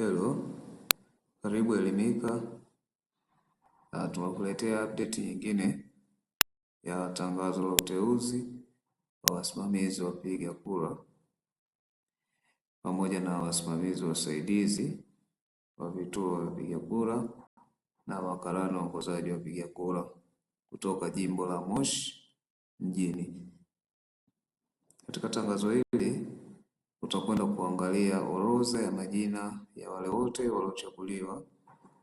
Hello, karibu Elimika. Uh, ah, tumekuletea update nyingine ya tangazo la uteuzi wa wasimamizi wapiga kura pamoja na wasimamizi wasaidizi wa vituo vya wapiga kura na wakarani waongozaji wa wapiga kura kutoka jimbo la Moshi mjini. Katika tangazo hili utakwenda kuangalia orodha ya majina ya wale wote waliochaguliwa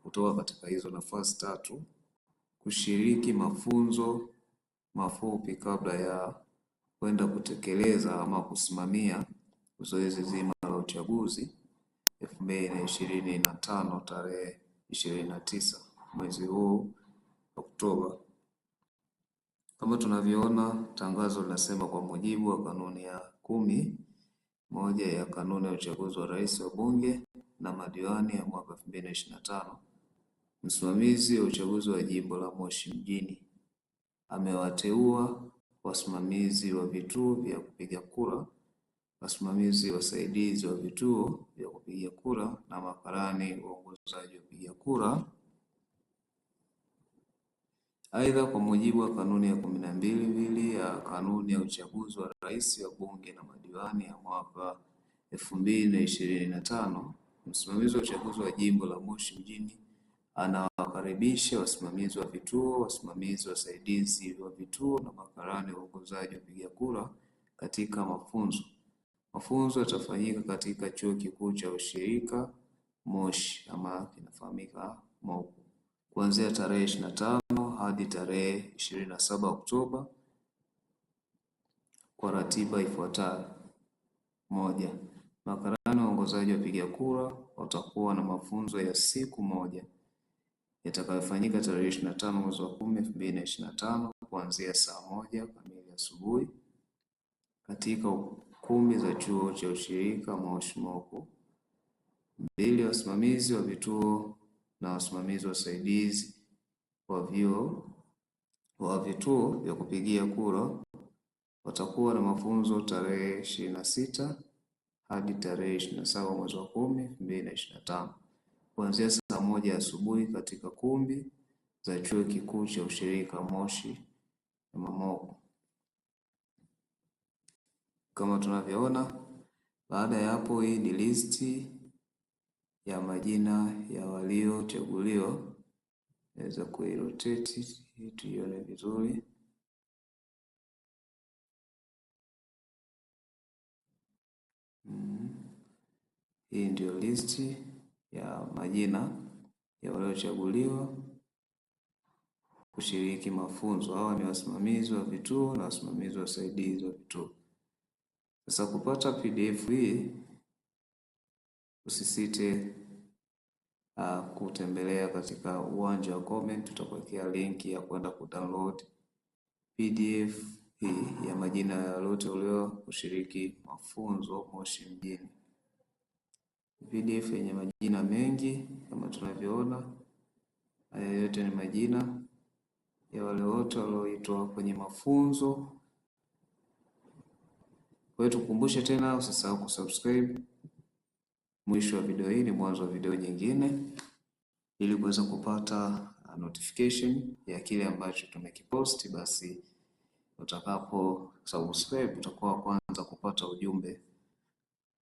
kutoka katika hizo nafasi tatu kushiriki mafunzo mafupi kabla ya kwenda kutekeleza ama kusimamia zoezi zima la uchaguzi elfu mbili na ishirini na tano tarehe ishirini na tisa mwezi huu Oktoba. Kama tunavyoona tangazo linasema kwa mujibu wa kanuni ya kumi moja ya kanuni ya uchaguzi wa rais bunge na madiwani ya mwaka 2025. na na tano, msimamizi wa uchaguzi wa jimbo la Moshi mjini amewateua wasimamizi wa vituo vya kupiga kura, wasimamizi wasaidizi wa vituo vya kupiga kura na makarani waongozaji wa kupiga kura Aidha kwa mujibu wa Kanuni ya kumi na mbili mbili ya Kanuni ya Uchaguzi wa Rais bunge na Madiwani ya mwaka elfu mbili na ishirini na tano msimamizi wa uchaguzi wa Jimbo la Moshi mjini anawakaribisha wasimamizi wa vituo, wasimamizi wasaidizi wa vituo na makarani waongozaji wapiga kura katika mafunzo. Mafunzo yatafanyika katika Chuo Kikuu cha Ushirika Moshi ama kinafahamika MOUP kuanzia tarehe ishirini na tano hadi tarehe ishirini na saba Oktoba kwa ratiba ifuatayo: moja, makarani waongozaji wapiga kura watakuwa na mafunzo ya siku moja yatakayofanyika tarehe 25 na tano mwezi wa kumi 2025 na na tano kuanzia saa moja kamili asubuhi katika ukumbi za chuo cha ushirika Moshmoku. Mbili, wasimamizi wa vituo na wasimamizi wasaidizi wa vituo vya kupigia kura watakuwa na mafunzo tarehe ishirini na sita hadi tarehe ishirini na saba mwezi wa kumi elfu mbili na ishirini na tano kuanzia saa moja asubuhi katika kumbi za chuo kikuu cha ushirika Moshi na Mamoko. Kama tunavyoona, baada ya hapo, hii ni listi ya majina ya waliochaguliwa Naweza kuirotate ili tuione vizuri. Mm-hmm. Hii ndio listi ya majina ya waliochaguliwa kushiriki mafunzo. Hawa ni wasimamizi wa vituo na wasimamizi wasaidizi wa vituo. Sasa kupata PDF hii usisite Ah, kutembelea katika uwanja wa comment, tutakuwekea linki ya kwenda download PDF hii ya majina ya ulio kushiriki mafunzo Moshi mjini. PDF yenye majina mengi kama tunavyoona, haya yote ni majina ya wale wote walioitwa kwenye mafunzo. Kwa hiyo tukumbushe tena, usisahau kusubscribe mwisho wa video hii ni mwanzo wa video nyingine, ili kuweza kupata uh, notification ya kile ambacho tumekiposti, basi utakapo subscribe utakuwa kwanza kupata ujumbe.